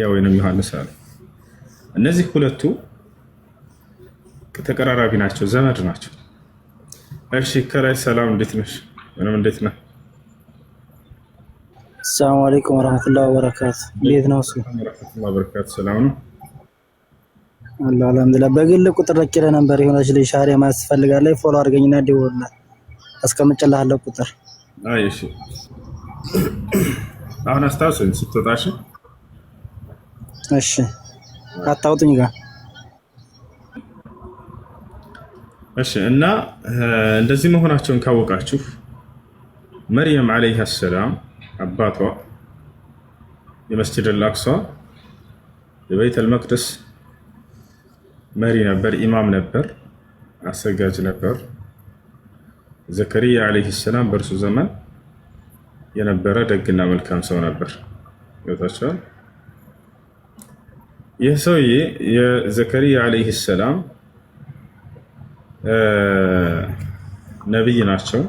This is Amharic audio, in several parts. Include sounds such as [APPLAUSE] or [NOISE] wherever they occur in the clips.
ያ ወይንም ዮሐንስ አለ። እነዚህ ሁለቱ ተቀራራቢ ናቸው፣ ዘመድ ናቸው። እሺ ከላይ ሰላም፣ እንዴት ነሽ? ምንም እንዴት ነህ? ሰላም አለይኩም ወራህመቱላሂ ወበረካቱ። እንዴት ነው እሱ? ወራህመቱላሂ ወበረካቱ። ሰላም ነው አላህ አልሐምዱሊላህ። በግል ቁጥር ረኪለ ነበር የሆነች ልጅ ሻሪ ማስፈልጋለች። ፎሎ አድርገኝና ደውልና አስቀምጭልሃለሁ ቁጥር። አይ እሺ፣ አሁን አስታውሰኝ ስትወጣሽ እሺ አታውጡኝ ጋር እሺ። እና እንደዚህ መሆናቸውን ካወቃችሁ መርየም ዓለይሃ ሰላም አባቷ የመስጅድ አልአቅሷ የቤት አልመቅደስ መሪ ነበር፣ ኢማም ነበር፣ አሰጋጅ ነበር። ዘከሪያ ዓለይሂ ሰላም በእርሱ ዘመን የነበረ ደግና መልካም ሰው ነበር። ይወጣቸዋል ይህ ሰውዬ የዘከሪያ ዓለይህ ሰላም ነቢይ ናቸው።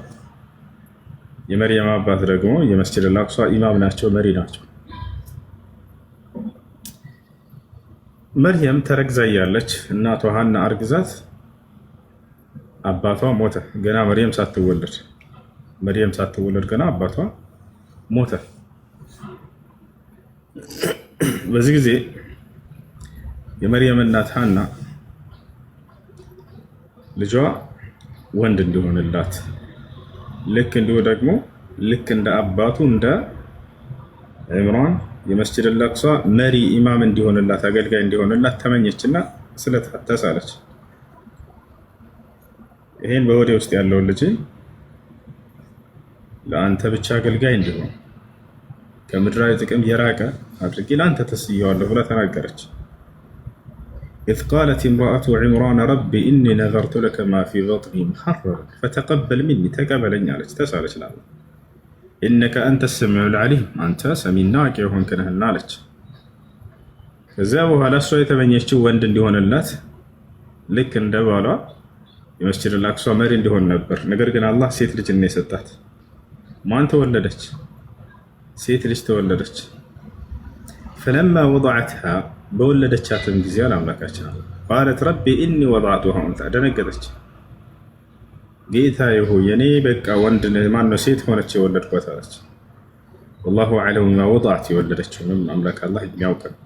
የመርየም አባት ደግሞ የመስጅድ ላቅሷ ኢማም ናቸው፣ መሪ ናቸው። መርየም ተረግዛ ያለች እናቷ ሀና አርግዛት አባቷ ሞተ። ገና መርየም ሳትወለድ መርየም ሳትወለድ ገና አባቷ ሞተ። በዚህ ጊዜ የመርየም እናት ሀና ልጇ ወንድ እንዲሆንላት ልክ እንዲሁ ደግሞ ልክ እንደ አባቱ እንደ ዕምራን የመስጅድ ለቅሷ መሪ ኢማም እንዲሆንላት አገልጋይ እንዲሆንላት ተመኘችና ስለት ተሳለች። ይሄን በወዴ ውስጥ ያለውን ልጅ ለአንተ ብቻ አገልጋይ እንዲሆን ከምድራዊ ጥቅም የራቀ አድርጌ ለአንተ ተስየዋለሁ ብላ ተናገረች። إذ قالت امرأة عمران رب إني نذرت لك ما في بطني محررا فتقبل مني تقبلኝ አለች ተሳለች ላለ إنك أنت السميع العليم አንተ ሰሚና አዋቂ የሆንክ ነህና አለች። ከዚያ በኋላ እሷ የተመኘችው ወንድ እንዲሆንላት ልክ እንደ ባሏ የመስጅድ አልአቅሷ መሪ እንዲሆን ነበር። ነገር ግን አላህ ሴት ልጅ ነው የሰጣት። ማን ተወለደች? ሴት ልጅ ተወለደች። ፈለማ ወضعتها በወለደቻትም ጊዜ አምላካችን ቃለት ረቢ ኢኒ ወድዐቱሃ ኡንሳ ደነገጠች። ጌታዬ ሆይ እኔ በቃ ወንድ ማነው ሴት ሆነች የወለድኳት አለች። ወላሁ አዕለም ማ ወድዐት የወለደችውንም አምላክ አላህ የሚያውቅ ነው።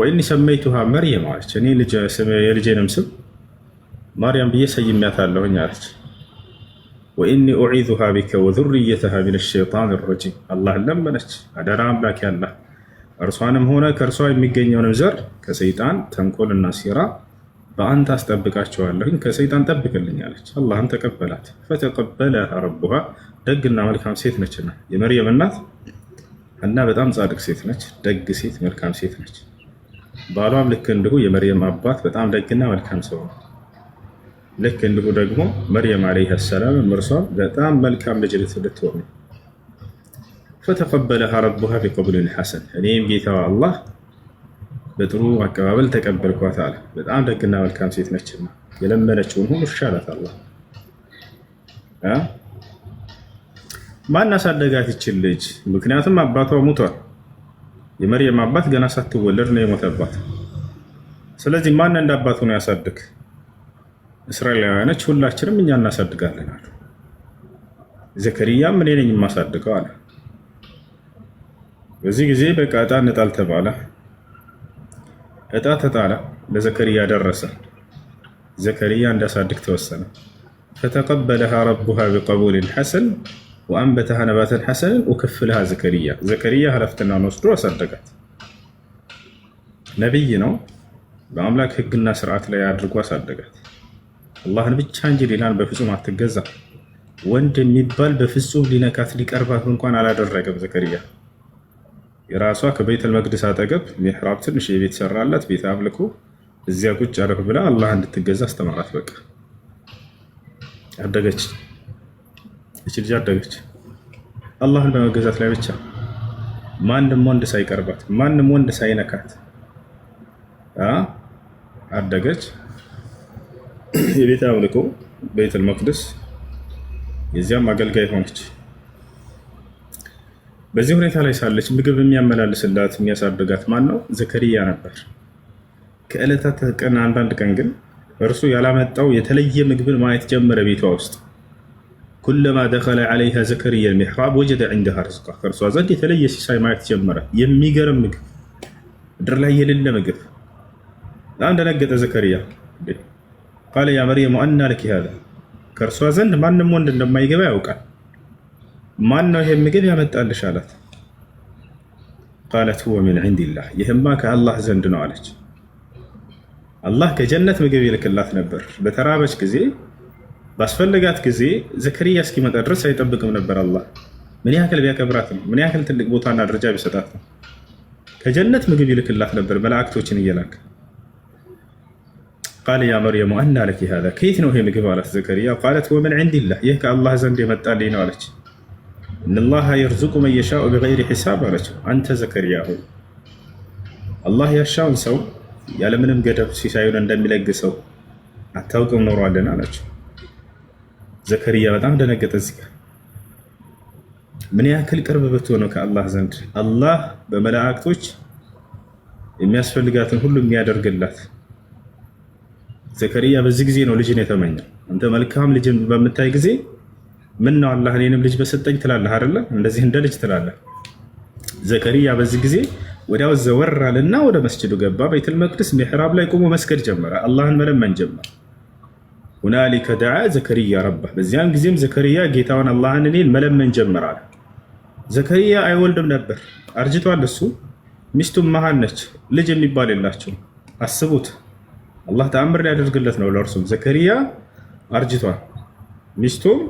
ወኢኒ ሰመይቱሃ መርየም አለች። እኔ የልጄንም ስም ማርያም ብዬ ሰይሜያታለሁኝ አለች። ወኢኒ ኡዒዙሃ ቢከ ወዙርየተሃ ሚነ ሸይጣን ረጂም አላህን ለመነች። አደራ አምላክ ያላህ እርሷንም ሆነ ከእርሷ የሚገኘውንም ዘር ከሰይጣን ተንኮልና ሴራ በአንተ አስጠብቃቸዋለሁኝ ከሰይጣን ጠብቅልኛለች። አላህም ተቀበላት። ፈተቀበለ ረቡሃ ደግና መልካም ሴት ነችና የመርየም እናት እና በጣም ጻድቅ ሴት ነች። ደግ ሴት፣ መልካም ሴት ነች። ባሏም ልክ እንዲሁ የመርየም አባት በጣም ደግና መልካም ሰው ነው። ልክ እንዲሁ ደግሞ መርየም ዓለይሃ ሰላም እርሷም በጣም መልካም ልጅ ልትወር ነው። ፈተቀበለሃ ረቡሃ ቢቀብሊን ሐሰን፣ እኔም ጌታዋ አላህ በጥሩ አቀባበል ተቀበልኳት አለ። በጣም ደግና መልካም ሴት ነችና የለመነችውን ሁሉ ሻላት አላህ። ማን አሳደጋት ይችል ልጅ? ምክንያቱም አባቷ ሙቷል። የመርየም አባት ገና ሳትወለድ ነው የሞተባት። ስለዚህ ማን እንደ አባቱ ነው ያሳድግ? እስራኤላውያኖች ሁላችንም እኛ እናሳድጋለን አሉ። ዘከርያም እኔ ነኝ የማሳድገው አለ በዚህ ጊዜ በቃ እጣ እንጣል ተባለ። እጣ ተጣላ። ለዘከሪያ ደረሰ። ዘከርያ እንዳሳድግ ተወሰነ። ፈተቀበለሃ ረቡሃ ቢቀቡልን ሐሰን ወአንበተሃ ነባተን ሐሰንን ወከፍልሃ ዘከርያ ዘከሪያ ኃላፊነቱን ወስዶ አሳደጋት። ነቢይ ነው። በአምላክ ህግና ስርዓት ላይ አድርጎ አሳደጋት። አላህን ብቻ እንጂ ሌላን በፍጹም አትገዛ። ወንድ የሚባል በፍጹም ሊነካት ሊቀርባት እንኳን አላደረገም ዘከርያ። የራሷ ከቤተል መቅደስ አጠገብ ሚሕራብ ትንሽ የቤት ሰራላት ቤት አምልኮ እዚያ ቁጭ አረፍ ብላ አላህ እንድትገዛ አስተማራት። በቃ አደገች፣ እች ልጅ አደገች። አላህን በመገዛት ላይ ብቻ ማንም ወንድ ሳይቀርባት፣ ማንም ወንድ ሳይነካት አደገች። የቤት አምልኮ ቤተል መቅደስ የዚያም አገልጋይ ሆነች። በዚህ ሁኔታ ላይ ሳለች ምግብ የሚያመላልስላት የሚያሳድጋት ማን ነው? ዘከሪያ ነበር። ከዕለታት ቀን አንዳንድ ቀን ግን እርሱ ያላመጣው የተለየ ምግብን ማየት ጀመረ። ቤቷ ውስጥ ኩለማ ደኸለ ዓለይሃ ዘከሪያ ልሚሕራብ ወጀደ ዒንደሃ ርዝቃ፣ ከእርሷ ዘንድ የተለየ ሲሳይ ማየት ጀመረ። የሚገርም ምግብ፣ ምድር ላይ የሌለ ምግብ። በጣም ደነገጠ ዘከሪያ። ቃለ ያ መርየሙ አና ለኪ ሃዛ፣ ከእርሷ ዘንድ ማንም ወንድ እንደማይገባ ያውቃል። ማን ነው ይሄ ምግብ ያመጣልሽ አላት። ቃለት ሁወ ሚን ዒንዲላህ ይህማ ከአላህ ዘንድ ነው አለች። አላህ ከጀነት ምግብ ይልክላት ነበር። በተራበች ጊዜ ባስፈልጋት ጊዜ ዘከርያ እስኪመጣ ድረስ አይጠብቅም ነበር። አላህ ምን ያክል ቢያከብራት ነው? ምን ያክል ትልቅ ቦታና ደረጃ ቢሰጣት ነው? ከጀነት ምግብ ይልክላት ነበር መላእክቶችን እየላከ ቃል ያ መርየሙ አና ለኪ ሃዛ ከየት ነው ይሄ ምግብ አላት ዘከርያ። ቃለት ሁወ ሚን ዒንዲላህ ይህ ከአላህ ዘንድ የመጣልኝ ነው አለች። እነላሀ የርዙቁ መየሻኡ ቢገይሪ ሒሳብ አለችው። አንተ ዘከርያ ሆይ አላህ ያሻውን ሰው ያለምንም ገደብ ሲሳዩን እንደሚለግሰው አታውቅም ኖሯለን አለችው። ዘከርያ በጣም ደነገጠ። እዚህ ምን ያክል ቅርብ ብትሆነው ከአላህ ዘንድ አላህ በመላእክቶች የሚያስፈልጋትን ሁሉ የሚያደርግላት ዘከርያ በዚህ ጊዜ ነው ልጅን የተመኘው። አንተ መልካም ልጅን በምታይ ጊዜ ምን ነው አላህ እኔንም ልጅ በሰጠኝ ትላለህ አይደለ? እንደዚህ እንደ ልጅ ትላለህ። ዘከሪያ በዚህ ጊዜ ወዲያው ዘወር አለና ወደ መስጅዱ ገባ። ቤተል መቅደስ ሚሕራብ ላይ ቆሞ መስገድ ጀመረ፣ አላህን መለመን ጀመረ። ሁናሊከ ደዓ ዘከሪያ ረባ። በዚያን ጊዜም ዘከሪያ ጌታውን አላህን እኔን መለመን ጀመራል። ዘከሪያ አይወልድም ነበር፣ አርጅቷል። እሱ ሚስቱም መሃል ነች፣ ልጅ የሚባል የላቸው። አስቡት፣ አላህ ተአምር ሊያደርግለት ነው ለእርሱም። ዘከሪያ አርጅቷል፣ ሚስቱም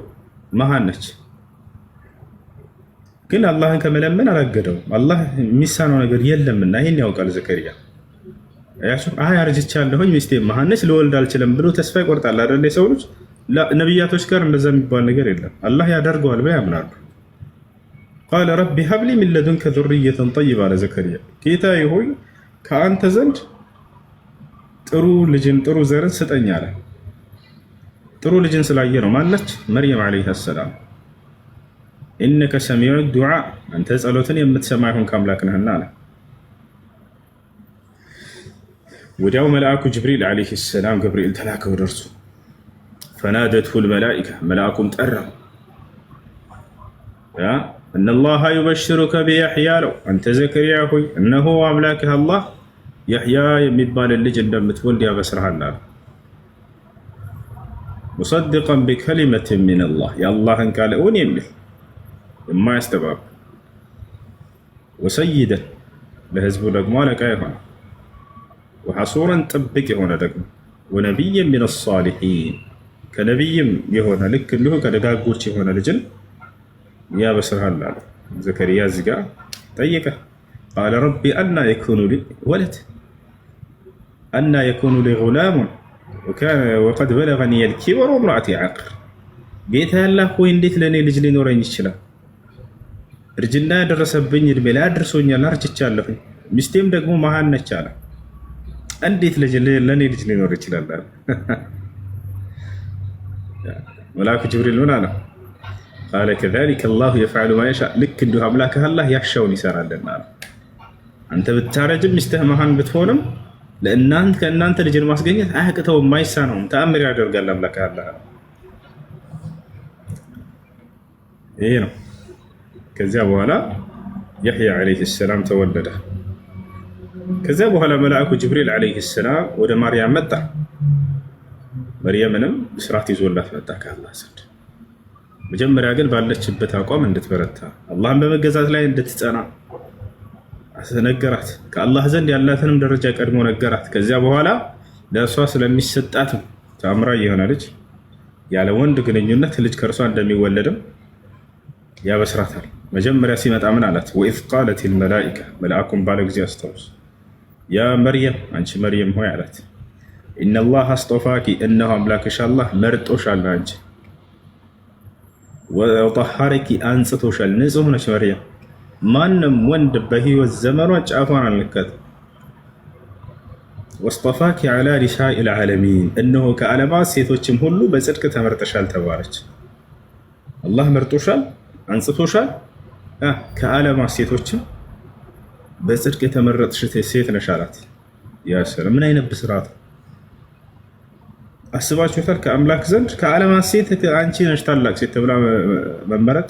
መሀን ነች። ግን አላህን ከመለመን አላገደው። አላህ የሚሳነው ነገር የለምና ይህን ያውቃል ዘከሪያ። ያሱ አይ አርጅቻለሁኝ ሚስቴ መሀን ነች ልወልድ አልችልም ብሎ ተስፋ ይቆርጣል አይደል? የሰው ልጅ ነቢያቶች ጋር እንደዛ የሚባል ነገር የለም። አላህ ያደርገዋል ብለው ያምናሉ። ቃለ ረቢ ሀብሊ ሚን ለዱንከ ዙርየተን ጠይብ አለ ዘከሪያ። ጌታዬ ሆይ ከአንተ ዘንድ ጥሩ ልጅን ጥሩ ዘርን ስጠኝ አለ። ጥሩ ልጅን ስላየ ነው ማለች መርየም ዓለይሃ ሰላም ኢነከ ሰሚዑ ዱዓ አንተ ጸሎትን የምትሰማ ይሆን ከአምላክ ነህና አለ። ወዲያው መልአኩ ጅብሪል ዓለይሂ ሰላም ገብርኤል ተላከ ወደ እርሱ። ፈናደትሁ ልመላኢካ መልአኩም ጠራው። እነላሃ ዩበሽሩከ ቢያሕያ አለው። አንተ ዘከርያ ሆይ እነሆ አምላክህ አላህ ያሕያ የሚባልን ልጅ እንደምትወልድ ያበስርሃል አለ። ሙሰድቀን ቢከሊመት ሚንላህ የአላህን ቃል እውን የሚል የማያስተባብል ወሰይደን ለህዝቡ ደግሞ አለቃ የሆነ ወሐሱረን ጥብቅ የሆነ ደግሞ ወነቢይን ሚን አሳሊሒን ከነቢይም የሆነ ልክ እንዲሁ ከደጋጎች የሆነ ልጅን ያበስርሃል አለ። ዘከሪያ እዚህ ጋር ጠየቀ። ቃለ ረቢ አና የኩኑ ሊ አና የኩኑ ሊ ጉላሙን ወቀድ በለገኒ የልኪበር ወምራአቲ ዓቅር ጌታ ያላህ ሆይ እንዴት ለእኔ ልጅ ሊኖረኝ ይችላል? እርጅና ያደረሰብኝ እድሜ ላይ አድርሶኛል፣ አርጅቻለሁኝ። ሚስቴም ደግሞ መሀን ነች አለ። እንዴት ለእኔ ልጅ ሊኖር ይችላል? [LAUGHS] መልአኩ ጅብሪል ምን አለ? ቃለ ከዛሊከ አላሁ የፍዓሉ ማ የሻእ፣ ልክ እንዲሁ አምላክህ አላህ ያሻውን ይሰራልና አለ። አንተ ብታረጅም ሚስትህ መሀን ብትሆንም ለእናንተ ከእናንተ ልጅን ማስገኘት አያቅተው የማይሳ ነው። ተአምር ያደርጋል አምላክ አለ። ይሄ ነው። ከዚያ በኋላ ያሕያ ዓለይህ ሰላም ተወለደ። ከዚያ በኋላ መልአኩ ጅብሪል ዓለይህ ሰላም ወደ ማርያም መጣ። መርየምንም ስራት ይዞላት መጣ ከአላህ ዘንድ። መጀመሪያ ግን ባለችበት አቋም እንድትበረታ አላህን በመገዛት ላይ እንድትጸና ነገራት። ከአላህ ዘንድ ያላትንም ደረጃ ቀድሞ ነገራት። ከዚያ በኋላ ለእሷ ስለሚሰጣትም ታምራ የሆነ ልጅ ያለ ወንድ ግንኙነት ልጅ ከእርሷ እንደሚወለድም ያበስራታል። መጀመሪያ ሲመጣ ምን አላት? ወኢዝ ቃለት ልመላኢካ መልአኩም ባለ ጊዜ አስታውስ። ያ መርየም አንቺ መርየም ሆይ አላት። ኢነላህ አስጦፋኪ እነሆ አምላክሽ አላህ መርጦሻል፣ አንቺ ወጠሐረኪ አንጽቶሻል፣ ንጹህ ነች መርየም ማንም ወንድ በህይወት ዘመኗ ጫፏን አልነካትም። ወስጠፋኪ ዐላ ኒሳኢል ልዓለሚን እነሆ ከዓለማት ሴቶችም ሁሉ በጽድቅ ተመርጠሻል ተባለች። አላህ መርጦሻል፣ አንጽቶሻል። ከዓለማት ሴቶችም በጽድቅ የተመረጥሽ ሴት ነሽ አላት። ምን አይነት ብስራት አስባችሁታል? ከአምላክ ዘንድ ከዓለማት ሴት አንቺ ነሽ ታላቅ ሴት ተብላ መመረጥ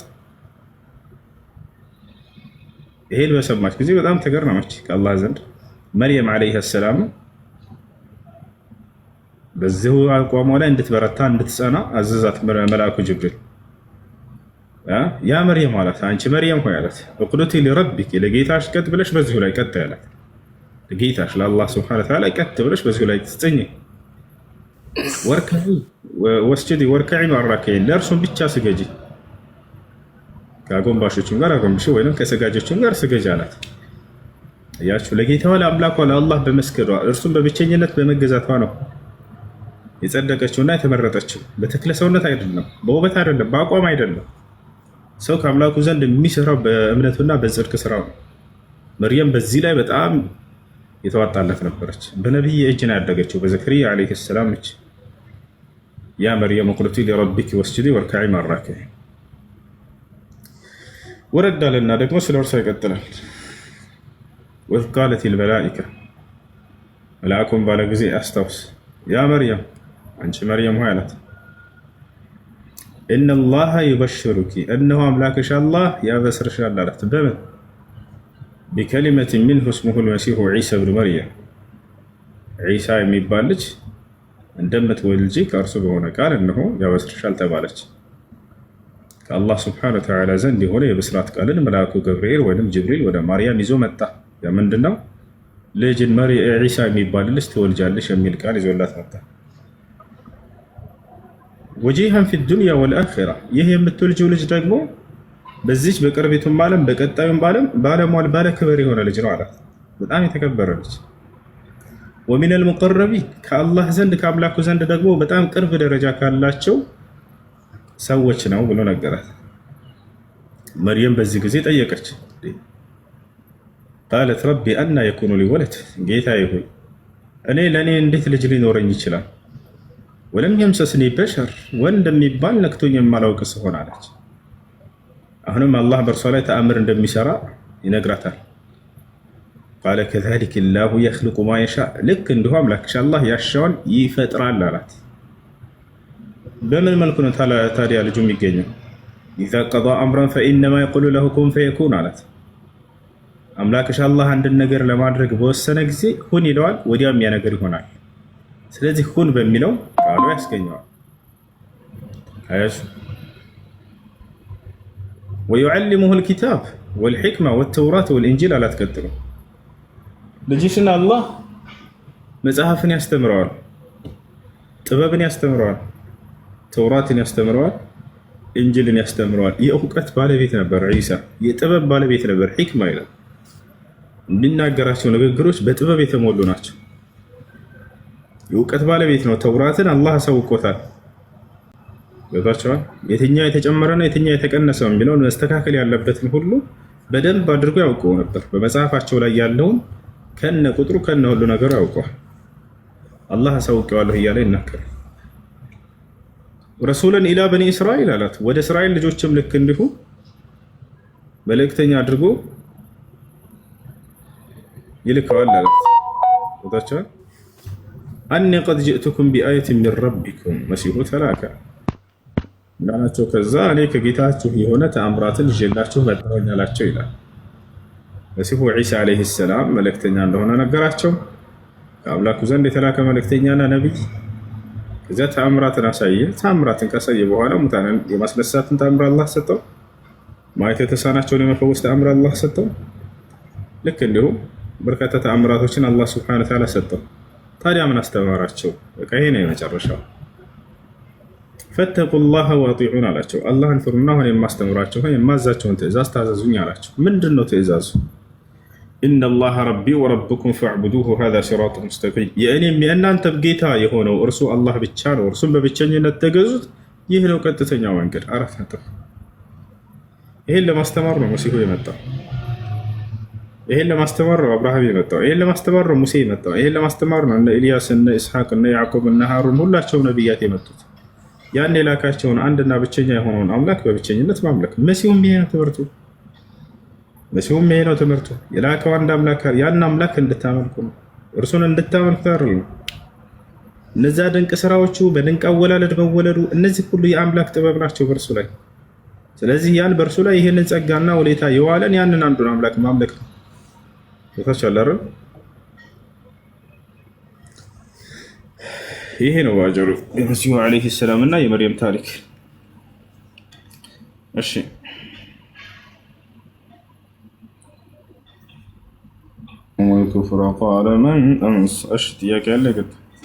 ይሄን በሰማች ጊዜ በጣም ተገረመች ከአላህ ዘንድ። መርየም ዓለይሃ ሰላም በዚሁ አቋሟ ላይ እንድትበረታ እንድትጸና አዘዛት መልአኩ ጅብሪል። ያ መርየም አላት፣ አንቺ መርየም ሆይ አላት፣ እቁኑቲ ሊረቢክ ለጌታሽ ቀጥ ብለሽ በዚሁ ላይ ቀጥ ያላት ለጌታሽ ለአላህ ስብሐነ ወተዓላ ቀጥ ብለሽ በዚሁ ላይ ትጽኝ። ወርከዒ ወስጅዲ ወርከዒ ማራከዒን ለእርሱም ብቻ ስገጅኝ ከአጎንባሾችም ጋር አጎንብሽ ወይም ከሰጋጆችን ጋር ስገጅ አላት። እያችሁ ለጌታዋ ለአምላኳ ለአላህ በመስገዷ እርሱም በብቸኝነት በመገዛቷ ነው የጸደቀችውና የተመረጠችው። በተክለ ሰውነት አይደለም፣ በውበት አይደለም፣ በአቋም አይደለም። ሰው ከአምላኩ ዘንድ የሚሰራው በእምነቱና በጽድቅ ስራው ነው። መርየም በዚህ ላይ በጣም የተዋጣለት ነበረች። በነቢይ እጅ ነው ያደገችው፣ በዘከሪያ ዓለይሂ ሰላም እጅ ያ መርየም ቁልቲ ሊረቢኪ ወስጅዲ ወርካዒ ማራኪዕ ወረዳልና ደግሞ ስለ እርሷ ይቀጥላል። ወዝ ቃለት ልመላኢካ መልአኩም ባለ ጊዜ አስታውስ፣ ያ መርያም አንቺ መርያም ሆይ አላት። እነ ላሀ ዩበሽሩኪ እነሆ አምላክሽ አላህ ያበስርሻል አላት። በምን ቢከሊመትን ሚንሁ ስሙሁ ልመሲሁ ዒሳ ብኑ መርያም ዒሳ የሚባል ልጅ እንደምትወልጂ ከእርሱ በሆነ ቃል እነሆ ያበስርሻል ተባለች። ከአላህ ስብሐነ ወተዓላ ዘንድ የሆነ የብስራት ቃልን መልአኩ ገብርኤል ወይም ጅብሪል ወደ ማርያም ይዞ መጣ። ምንድነው? ልጅን መሪ ዒሳ የሚባል ልጅ ትወልጃለሽ የሚል ቃል ይዞላት መጣ። ወጂሃን ፊ ዱንያ ወልአኺራ። ይህ የምትወልጅው ልጅ ደግሞ በዚች በቅርቢቱም ዓለም በቀጣዩም ዓለም ባለሟል ባለ ክብር የሆነ ልጅ ነው አላት። በጣም የተከበረ ልጅ ወሚነል ሙቀረቢ ከአላህ ዘንድ ከአምላኩ ዘንድ ደግሞ በጣም ቅርብ ደረጃ ካላቸው ሰዎች ነው ብሎ ነገራት። መርየም በዚህ ጊዜ ጠየቀች፣ ቃለት ረቢ አና የኩኑ ሊወለት ጌታ ይሁን እኔ ለእኔ እንዴት ልጅ ሊኖረኝ ይችላል? ወለም የምሰስኒ በሸር ወንድ የሚባል ነክቶኝ የማላውቅ ስሆን አለች። አሁንም አላህ በእርሷ ላይ ተአምር እንደሚሰራ ይነግራታል። ቃለ ከዛሊክ ላሁ የክልቁ ማ ልክ እንዲሁ አምላክሻ አላህ ያሻውን ይፈጥራል አላት። በምን መልኩ ነው ታዲያ ልጁ የሚገኘው? ኢዛ ቀዷ አምረን ፈኢነማ የቁሉ ለሁ ኩን ፈየኩን አላት። አምላክሽ አላህ አንድን ነገር ለማድረግ በወሰነ ጊዜ ሁን ይለዋል፣ ወዲያው ያ ነገር ይሆናል። ስለዚህ ሁን በሚለው ቃሉ ያስገኘዋል። ወዩዓሊሙሁ ልኪታብ ወልሕክማ ወተውራት ወልእንጂል አላት። ቀጥሎ ልጅሽን አላህ መጽሐፍን ያስተምረዋል፣ ጥበብን ያስተምረዋል ተውራትን ያስተምረዋል፣ እንጅልን ያስተምረዋል። የእውቀት ባለቤት ነበር ዒሳ፣ የጥበብ ባለቤት ነበር። ሒክማ ይላል የሚናገራቸው ንግግሮች በጥበብ የተሞሉ ናቸው። የእውቀት ባለቤት ነው። ተውራትን አላህ አሳውቆታል። ገቷቸዋል የትኛ የተጨመረና የትኛ የተቀነሰ የሚለውን መስተካከል ያለበትን ሁሉ በደንብ አድርጎ ያውቀው ነበር። በመጽሐፋቸው ላይ ያለውን ከነ ቁጥሩ ከነ ሁሉ ነገሩ ያውቀዋል። አላህ አሳውቀዋለሁ እያለ ይናገራል። ረሱልን ኢላ በኒ እስራኤል አላት። ወደ እስራኤል ልጆችም ልክ እንዲሁ መልእክተኛ አድርጎ ይልከዋል አላት። ታቸዋል አኒ ቀድ ጅእትኩም ቢአየት ሚን ረቢኩም መሲሁ ተላከ እንዳላቸው ከዛ እኔ ከጌታችሁ የሆነ ተአምራትን ይዤላችሁ መጥተውኝ አላቸው ይላል። መሲሁ ዒሳ ዓለይሂ ሰላም መልእክተኛ እንደሆነ ነገራቸው። ከአምላኩ ዘንድ የተላከ መልእክተኛና ነቢይ እዚያ ተአምራትን አሳየ። ተአምራትን ካሳየ በኋላ ሙታንን የማስነሳትን ተአምር አላህ ሰጠው። ማየት የተሳናቸውን የመፈወስ ተአምር አላህ ሰጠው። ልክ እንዲሁም በርካታ ተአምራቶችን አላህ ስብሐነ ወተዓላ ሰጠው። ታዲያ ምን አስተማራቸው? በቃ ይሄ ነው የመጨረሻው። ፈተቁላህ ዋጢዑን አላቸው። አላህን ፍሩና ሆን የማስተምራቸውን የማዛቸውን ትእዛዝ ታዘዙኝ አላቸው። ምንድን ነው ትእዛዙ? ኢነላሃ ረቢ ወረብኩም ፈዕቡዱሁ ሃዛ ሲራጥ ሙስተቂም፣ የእኔም የእናንተም ጌታ የሆነው እርሱ አላህ ብቻ ነው፣ እርሱም በብቸኝነት ተገዙት። ይህ ነው ቀጥተኛው መንገድ። አራት ነጥብ። ይሄን ለማስተማር ነው መሲሁ የመጣው። ይሄን ለማስተማር ነው አብርሃም የመጣው። ይሄን ለማስተማር ነው ሙሴ የመጣው። ይሄን ለማስተማር ነው እነ ኤልያስ እነ ኢስሐቅ እነ ያዕቆብ እነ ሃሩን ሁላቸው ነቢያት የመጡት ያን የላካቸውን አንድና ብቸኛ የሆነውን አምላክ በብቸኝነት ማምለክ። መሲሁም ይሄ ነው ትምህርቱ። መሲሁም ይሄ ነው ትምህርቱ። የላከው አንድ አምላክ ያን አምላክ እንድታመልኩ ነው፣ እርሱን እንድታመልኩ ነው። እነዚያ ድንቅ ስራዎቹ በድንቅ አወላለድ መወለዱ፣ እነዚህ ሁሉ የአምላክ ጥበብ ናቸው በእርሱ ላይ። ስለዚህ ያን በእርሱ ላይ ይህንን ጸጋና ውለታ የዋለን ያንን አንዱን አምላክ ማምለክ ነው። ታቻላረ ይሄ ነው ባጭሩ የመሲሁ ዓለይሂ ሰላም እና የመርየም ታሪክ። እሺ والكفر قال من أنص أشتيا كده